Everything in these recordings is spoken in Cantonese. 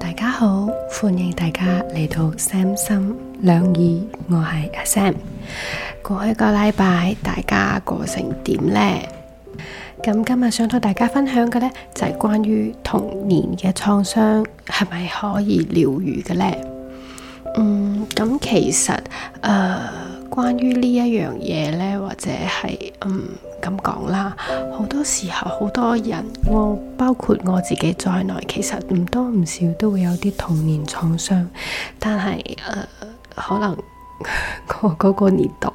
大家好，歡迎大家嚟到三心兩意，我係阿 Sam。過去一個禮拜大家過成點呢？咁今日想同大家分享嘅，呢就係關於童年嘅創傷係咪可以療愈嘅呢？嗯，咁其實誒。呃關於呢一樣嘢呢，或者係嗯咁講啦，好多時候好多人，我、哦、包括我自己在內，其實唔多唔少都會有啲童年創傷，但係誒、呃、可能我嗰個年代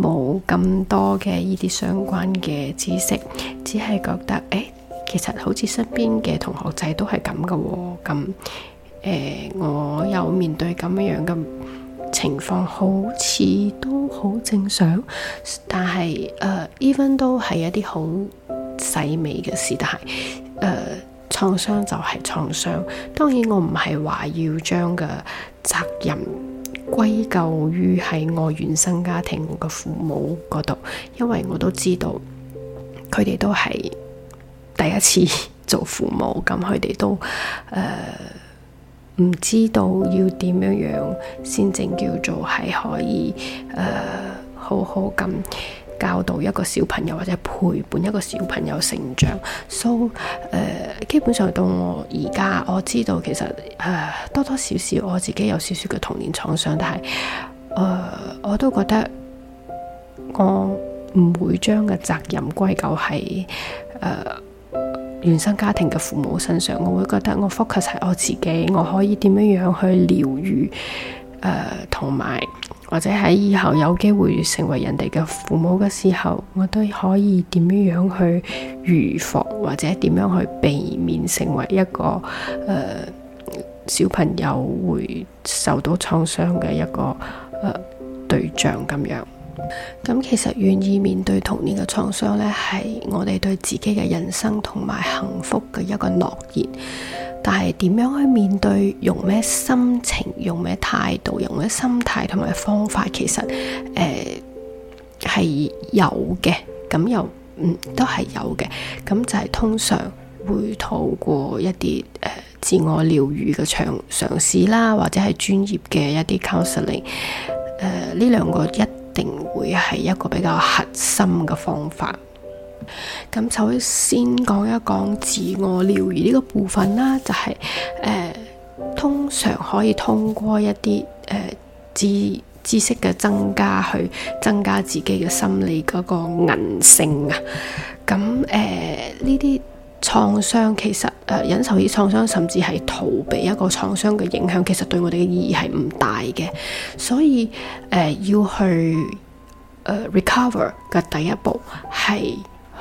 冇咁多嘅呢啲相關嘅知識，只係覺得誒、欸，其實好似身邊嘅同學仔都係咁噶喎，咁誒、呃、我有面對咁樣樣嘅。情況好似都好正常，但係 even 都係一啲好細微嘅事，但係誒、呃，創傷就係創傷。當然，我唔係話要將嘅責任歸咎於喺我原生家庭個父母嗰度，因為我都知道佢哋都係第一次做父母，咁佢哋都誒。呃唔知道要點樣樣先正叫做係可以誒、呃、好好咁教導一個小朋友或者陪伴一個小朋友成長。So 誒、呃、基本上到我而家，我知道其實誒、呃、多多少少我自己有少少嘅童年創傷，但係誒、呃、我都覺得我唔會將個責任歸咎喺誒、呃、原生家庭嘅父母身上，我會覺得我 focus 喺我自己，我可以點樣樣去療癒，誒同埋，或者喺以後有機會成為人哋嘅父母嘅時候，我都可以點樣樣去預防或者點樣去避免成為一個誒、呃、小朋友會受到創傷嘅一個誒、呃、對象咁樣。咁其實願意面對童年嘅創傷咧，係我哋對自己嘅人生同埋幸福嘅一個諾言。但係點樣去面對，用咩心情，用咩態度，用咩心態同埋方法，其實誒係、呃、有嘅。咁又嗯都係有嘅。咁就係通常會透過一啲誒、呃、自我療癒嘅嘗嘗試啦，或者係專業嘅一啲 counseling、呃。誒呢兩個一。定會係一個比較核心嘅方法。咁首先講一講自我療癒呢個部分啦，就係、是、誒、呃、通常可以通過一啲誒、呃、知知識嘅增加去增加自己嘅心理嗰個韌性啊。咁誒呢啲。呃創傷其實誒、呃、忍受呢創傷，甚至係逃避一個創傷嘅影響，其實對我哋嘅意義係唔大嘅。所以誒、呃、要去誒、呃、recover 嘅第一步係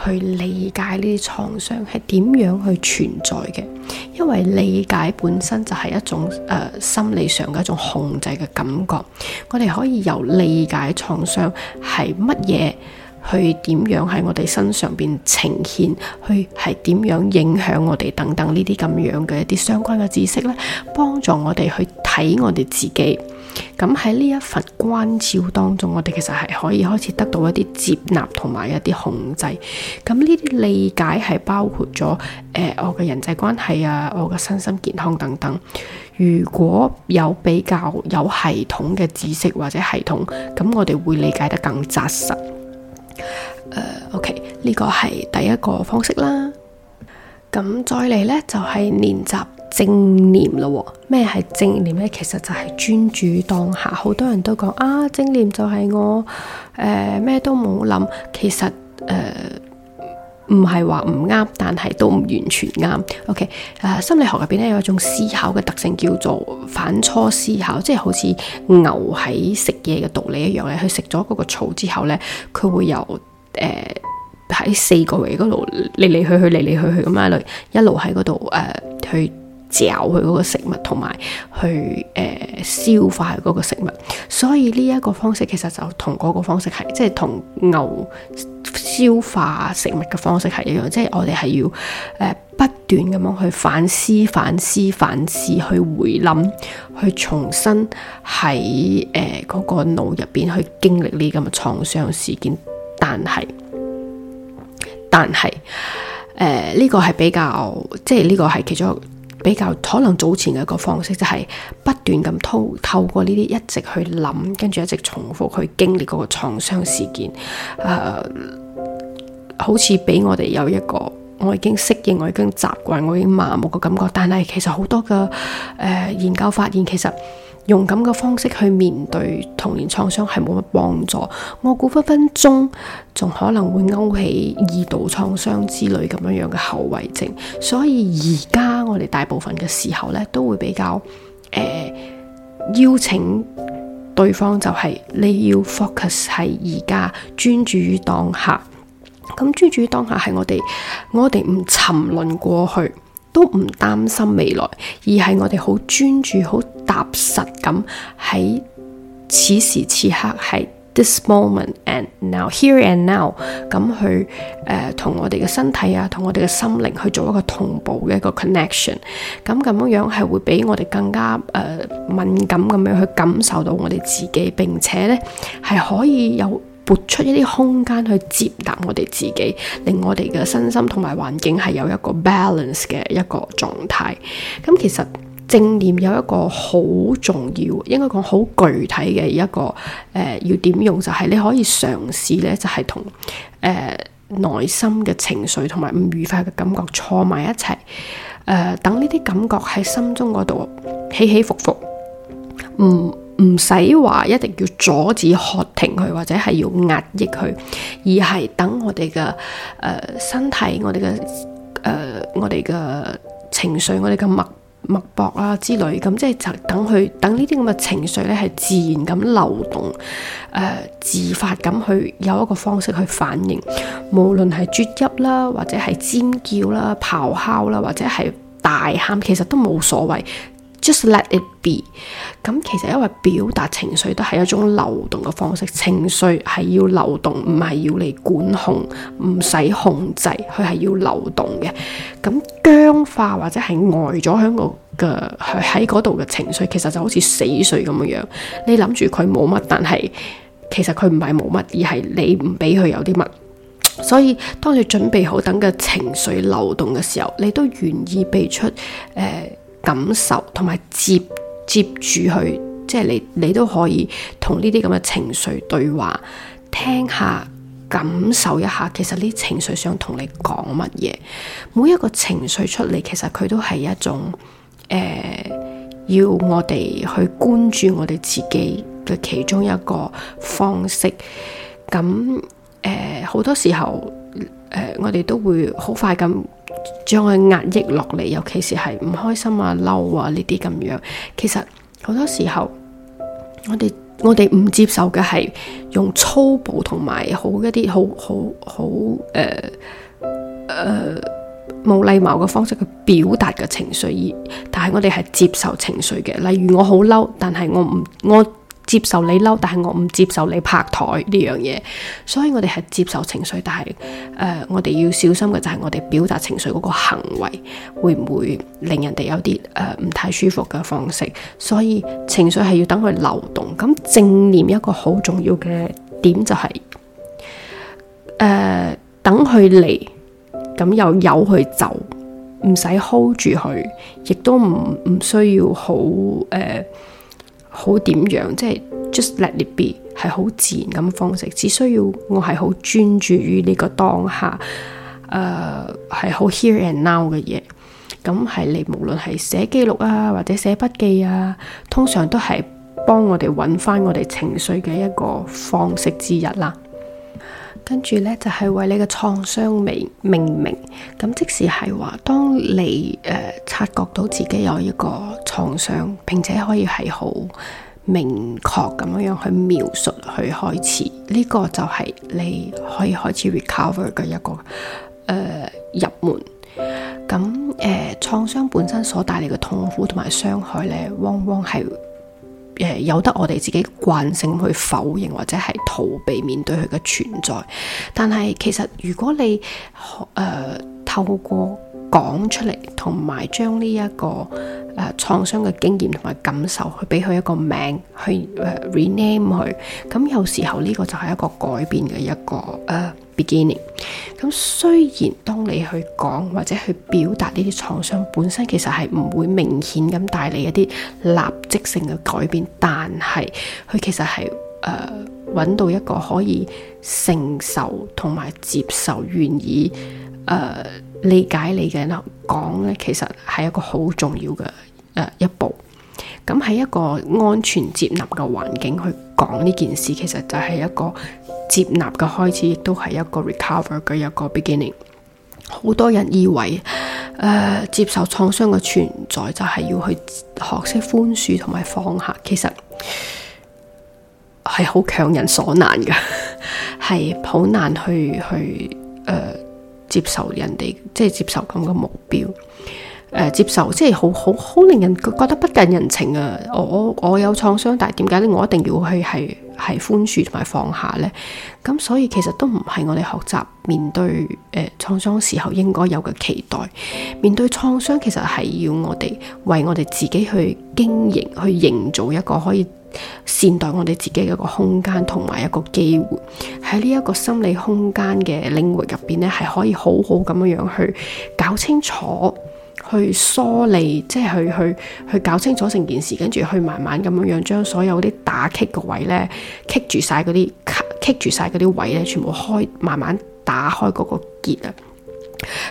去理解呢啲創傷係點樣去存在嘅，因為理解本身就係一種誒、呃、心理上嘅一種控制嘅感覺。我哋可以由理解創傷係乜嘢。去點樣喺我哋身上邊呈現？去係點樣影響我哋？等等呢啲咁樣嘅一啲相關嘅知識咧，幫助我哋去睇我哋自己。咁喺呢一份關照當中，我哋其實係可以開始得到一啲接納同埋一啲控制。咁呢啲理解係包括咗誒、呃、我嘅人際關係啊，我嘅身心健康等等。如果有比較有系統嘅知識或者系統，咁我哋會理解得更紮實。誒、uh，OK，呢個係第一個方式啦。咁再嚟呢，就係、是、練習正念咯。咩係正念呢？其實就係專注當下。好多人都講啊，正念就係我咩、呃、都冇諗。其實誒。呃唔係話唔啱，但係都唔完全啱。OK，誒，心理學入邊咧有一種思考嘅特性叫做反芻思考，即係好似牛喺食嘢嘅道理一樣咧，佢食咗嗰個草之後咧，佢會由誒喺四個位嗰度嚟嚟去去嚟嚟去去咁樣嚟，一路喺嗰度誒去。嚼佢嗰個食物同埋去誒、呃、消化嗰個食物，所以呢一個方式其實就同嗰個方式係，即係同牛消化食物嘅方式係一樣，即係我哋係要誒、呃、不斷咁樣去反思、反思、反思，去回諗，去重新喺誒嗰個腦入邊去經歷呢咁嘅創傷事件。但係，但係誒呢個係比較，即係呢個係其中。比較可能早前嘅一個方式就係、是、不斷咁透透過呢啲一直去諗，跟住一直重複去經歷嗰個創傷事件，誒、uh, 好似俾我哋有一個我已經適應、我已經習慣、我已經麻木嘅感覺。但係其實好多嘅誒、uh, 研究發現，其實用咁嘅方式去面對童年創傷係冇乜幫助。我估分分鐘仲可能會勾起二度創傷之類咁樣樣嘅後遺症。所以而家。我哋大部分嘅時候咧，都會比較誒、呃、邀請對方、就是，就係你要 focus 喺而家專注於當下。咁、嗯、專注於當下係我哋，我哋唔沉淪過去，都唔擔心未來，而係我哋好專注、好踏實咁喺此時此刻係。This moment and now, here and now，咁去誒同、呃、我哋嘅身體啊，同我哋嘅心靈去做一個同步嘅一個 connection，咁咁樣樣係會畀我哋更加誒、呃、敏感咁樣去感受到我哋自己，並且呢係可以有撥出一啲空間去接納我哋自己，令我哋嘅身心同埋環境係有一個 balance 嘅一個狀態。咁其實。正念有一個好重要，應該講好具體嘅一個誒、呃，要點用就係、是、你可以嘗試咧，就係同誒內心嘅情緒同埋唔愉快嘅感覺坐埋一齊，誒、呃、等呢啲感覺喺心中嗰度起起伏伏，唔唔使話一定要阻止、喝停佢或者係要壓抑佢，而係等我哋嘅誒身體、我哋嘅誒我哋嘅情緒、我哋嘅脈。脈搏啦之類咁，即係就等佢等呢啲咁嘅情緒咧，係自然咁流動，誒、呃、自發咁去有一個方式去反應，無論係啜泣啦，或者係尖叫啦、咆哮啦，或者係大喊，其實都冇所謂。Just let it be，嗯。咁其實因為表達情緒都係一種流動嘅方式，情緒係要流動，唔係要你管控，唔使控制，佢係要流動嘅。咁、嗯、僵化或者係呆咗喺、嗰個嘅喺嗰度嘅情緒，其實就好似死水咁樣樣。你諗住佢冇乜，但係其實佢唔係冇乜，而係你唔俾佢有啲乜。所以當你準備好等嘅情緒流動嘅時候，你都願意俾出誒。呃感受同埋接接住佢，即係你你都可以同呢啲咁嘅情緒對話，聽下感受一下，其實呢啲情緒想同你講乜嘢？每一個情緒出嚟，其實佢都係一種誒、呃，要我哋去關注我哋自己嘅其中一個方式。咁誒、好、呃、多時候誒、呃，我哋都會好快咁。將佢壓抑落嚟，尤其是係唔開心啊、嬲啊呢啲咁樣。其實好多時候，我哋我哋唔接受嘅係用粗暴同埋好一啲好好好誒誒冇禮貌嘅方式去表達嘅情緒，而但係我哋係接受情緒嘅。例如我好嬲，但係我唔我。接受你嬲，但係我唔接受你拍台呢樣嘢，所以我哋係接受情緒，但係誒、呃，我哋要小心嘅就係我哋表達情緒嗰個行為會唔會令人哋有啲誒唔太舒服嘅方式。所以情緒係要等佢流動。咁正念一個好重要嘅點就係誒等佢嚟，咁、呃、又由佢走，唔使 hold 住佢，亦都唔唔需要好誒。呃好點樣？即係，just let it be，係好自然咁方式。只需要我係好專注於呢個當下，誒係好 here and now 嘅嘢。咁係你無論係寫記錄啊，或者寫筆記啊，通常都係幫我哋揾翻我哋情緒嘅一個方式之一啦。跟住呢，就係、是、為你嘅創傷名命，命名。咁即使係話，當你誒、呃、察覺到自己有一個創傷，並且可以係好明確咁樣去描述去開始，呢、這個就係你可以開始 recover 嘅一個誒、呃、入門。咁誒、呃、創傷本身所帶嚟嘅痛苦同埋傷害呢，往往係。由得我哋自己慣性去否認或者係逃避面對佢嘅存在，但係其實如果你誒。透過講出嚟，同埋將呢一個誒創傷嘅經驗同埋感受，去俾佢一個名，去誒 rename 佢。咁、呃、有時候呢個就係一個改變嘅一個誒 beginning。咁、呃、雖然當你去講或者去表達呢啲創傷本身，其實係唔會明顯咁帶嚟一啲立即性嘅改變，但係佢其實係誒搵到一個可以承受同埋接受願意，願意誒。理解你嘅嗱，講咧其實係一個好重要嘅誒、呃、一步。咁喺一個安全接納嘅環境去講呢件事，其實就係一個接納嘅開始，亦都係一個 recover 嘅一個 beginning。好多人以為誒、呃、接受創傷嘅存在就係要去學識寬恕同埋放下，其實係好強人所難嘅，係 好難去去誒。呃接受人哋即係接受咁嘅目標，誒、呃，接受即係好好好令人覺得不近人情啊！我我我有創傷，但係點解咧？我一定要去係係寬恕同埋放下咧？咁所以其實都唔係我哋學習面對誒創傷時候應該有嘅期待。面對創傷，其實係要我哋為我哋自己去經營，去營造一個可以。善待我哋自己嘅一個空間同埋一個機會，喺呢一個心理空間嘅領域入邊咧，係可以好好咁樣樣去搞清楚，去梳理，即係去去去搞清楚成件事，跟住去慢慢咁樣樣將所有啲打棘嘅位咧，棘住晒嗰啲卡，棘住晒嗰啲位咧，全部開，慢慢打開嗰個結啊！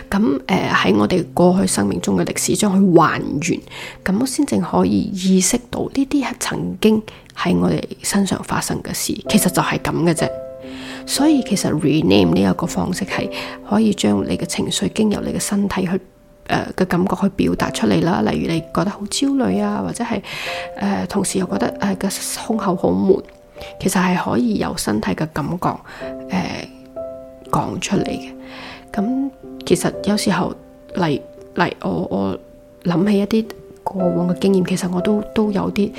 咁誒，喺、呃、我哋過去生命中嘅歷史，將佢還原，咁我先正可以意識到呢啲係曾經喺我哋身上發生嘅事，其實就係咁嘅啫。所以其實 rename 呢一個方式係可以將你嘅情緒經由你嘅身體去誒嘅、呃、感覺去表達出嚟啦。例如你覺得好焦慮啊，或者係誒、呃，同時又覺得誒嘅、呃、胸口好悶，其實係可以由身體嘅感覺誒講、呃、出嚟嘅。咁、嗯、其實有時候嚟嚟，我我諗起一啲過往嘅經驗，其實我都都有啲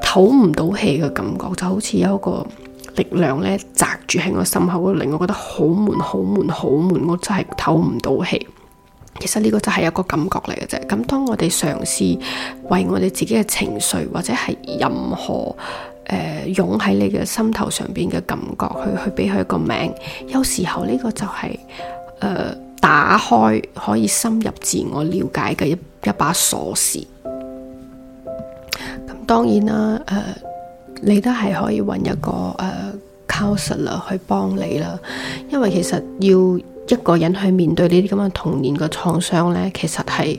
唞唔到氣嘅感覺，就好似有一個力量咧扎住喺我心口度，令我覺得好悶、好悶、好悶，我真係唞唔到氣。其實呢個就係一個感覺嚟嘅啫。咁、嗯、當我哋嘗試為我哋自己嘅情緒或者係任何，誒，湧喺你嘅心頭上邊嘅感覺，去去俾佢一個名。有時候呢個就係、是、誒、呃、打開可以深入自我了解嘅一一把鎖匙。咁當然啦，誒、呃，你都係可以揾一個誒、呃、counselor 去幫你啦。因為其實要一個人去面對呢啲咁嘅童年嘅創傷呢，其實係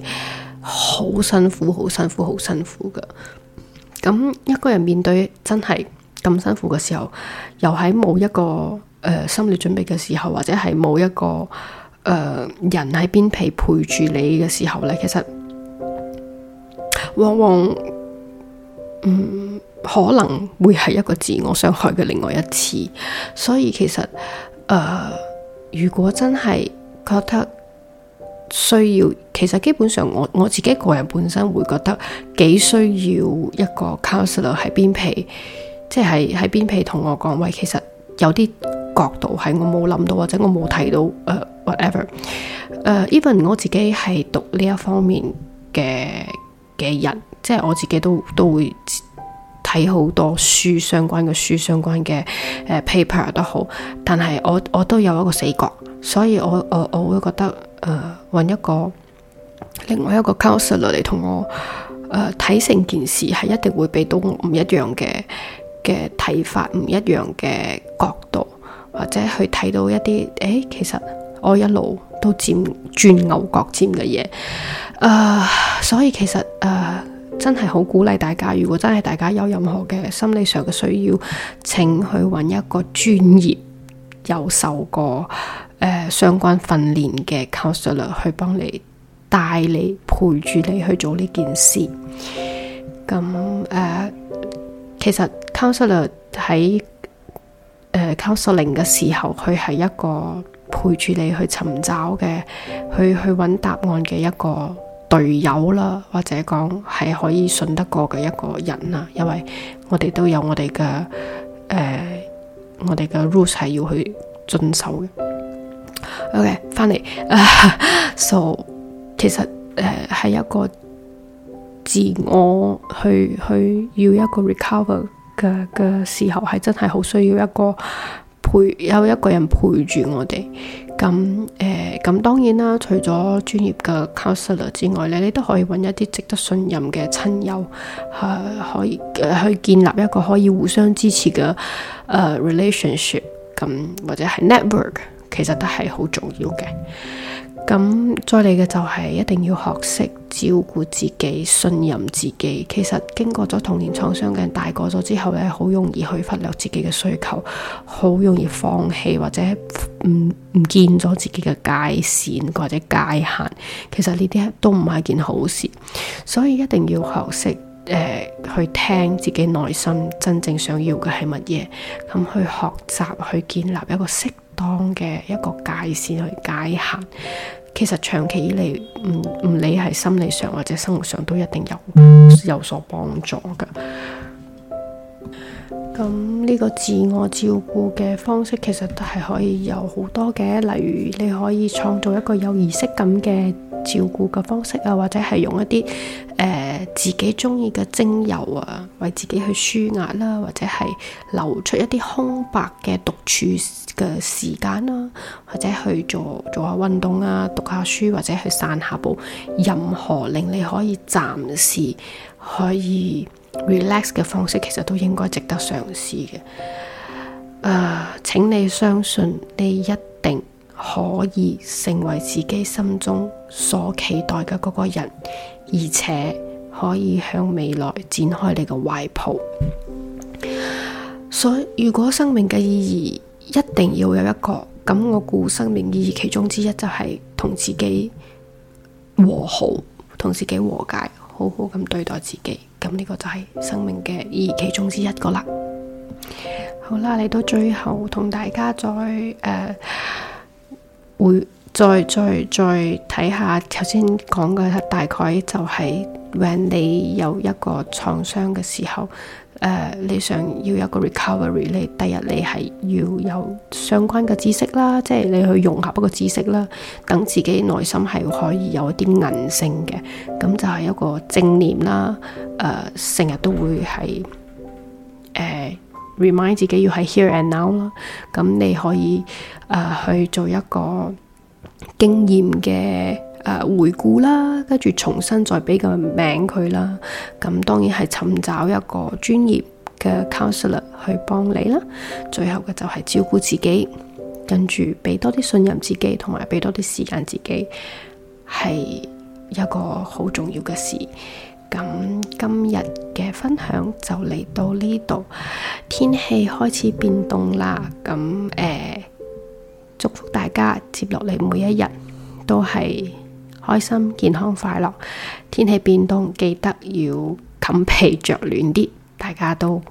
好辛苦、好辛苦、好辛苦嘅。咁一個人面對真係咁辛苦嘅時候，又喺冇一個誒、呃、心理準備嘅時候，或者係冇一個誒、呃、人喺邊皮陪陪住你嘅時候呢，其實往往嗯可能會係一個自我傷害嘅另外一次，所以其實誒、呃、如果真係覺得。需要，其實基本上我我自己個人本身會覺得幾需要一個 counselor 喺邊皮，即係喺邊皮同我講，喂，其實有啲角度係我冇諗到或者我冇睇到，誒、uh, whatever，even、uh, 我自己係讀呢一方面嘅嘅人，即係我自己都都會。睇好多書，相關嘅書相關嘅誒、uh, paper 都好，但係我我都有一個死角，所以我我我會覺得誒，揾、呃、一個另外一個 counselor 嚟同我誒睇成件事係一定會俾到我唔一樣嘅嘅睇法，唔一樣嘅角度，或者去睇到一啲誒、欸，其實我一路都占轉牛角尖嘅嘢，誒、呃，所以其實誒。呃真係好鼓勵大家，如果真係大家有任何嘅心理上嘅需要，請去揾一個專業又受過誒、呃、相關訓練嘅 counselor 去幫你帶你陪住你去做呢件事。咁、嗯、誒、呃，其實 counselor 喺誒、呃、counseling 嘅時候，佢係一個陪住你去尋找嘅，去去揾答案嘅一個。隊友啦，或者講係可以信得過嘅一個人啦，因為我哋都有我哋嘅誒，我哋嘅 rules 係要去遵守嘅。OK，翻嚟、uh,，So，其實誒係、uh, 一個自我去去要一個 recover 嘅嘅時候，係真係好需要一個陪有一個人陪住我哋。咁誒咁當然啦，除咗專業嘅 counselor 之外咧，你都可以揾一啲值得信任嘅親友，誒、呃、可以、呃、去建立一個可以互相支持嘅誒、呃、relationship，咁、嗯、或者係 network，其實都係好重要嘅。咁再嚟嘅就係一定要學識照顧自己、信任自己。其實經過咗童年創傷嘅人大個咗之後咧，好容易去忽略自己嘅需求，好容易放棄或者唔唔見咗自己嘅界線或者界限。其實呢啲都唔係一件好事，所以一定要學識誒、呃、去聽自己內心真正想要嘅係乜嘢，咁去學習去建立一個識當嘅一個界線去界限，其實長期以嚟，唔唔理係心理上或者生活上，都一定有有所幫助噶。咁呢個自我照顧嘅方式其實都係可以有好多嘅，例如你可以創造一個有儀式感嘅照顧嘅方式啊，或者係用一啲誒、呃、自己鍾意嘅精油啊，為自己去舒壓啦、啊，或者係留出一啲空白嘅獨處嘅時間啦、啊，或者去做做下運動啊，讀下書或者去散下步，任何令你可以暫時可以 Relax 嘅方式其實都應該值得嘗試嘅。誒、uh，請你相信，你一定可以成為自己心中所期待嘅嗰個人，而且可以向未來展開你嘅懷抱。所以，如果生命嘅意義一定要有一個，咁我估生命意義其中之一就係同自己和好，同自己和解，好好咁對待自己。咁呢個就係生命嘅意義其中之一個啦。好啦，嚟到最後同大家再誒，會、uh, 再再再睇下，頭先講嘅大概就係、是，當你有一個創傷嘅時候。誒，uh, 你想要有個 recovery，你第日你係要有相關嘅知識啦，即係你去融合一個知識啦，等自己內心係可以有一啲韌性嘅，咁就係一個正念啦，誒、呃，成日都會係誒、呃、remind 自己要係 here and now 啦，咁你可以誒、呃、去做一個經驗嘅。誒回顧啦，跟住重新再俾個名佢啦。咁當然係尋找一個專業嘅 counselor 去幫你啦。最後嘅就係照顧自己，跟住俾多啲信任自己，同埋俾多啲時間自己，係一個好重要嘅事。咁今日嘅分享就嚟到呢度，天氣開始變凍啦。咁誒、呃，祝福大家接落嚟每一日都係～開心、健康、快樂。天氣變凍，記得要冚被着暖啲。大家都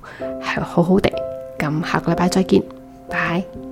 係好好地。咁下個禮拜再見，拜拜。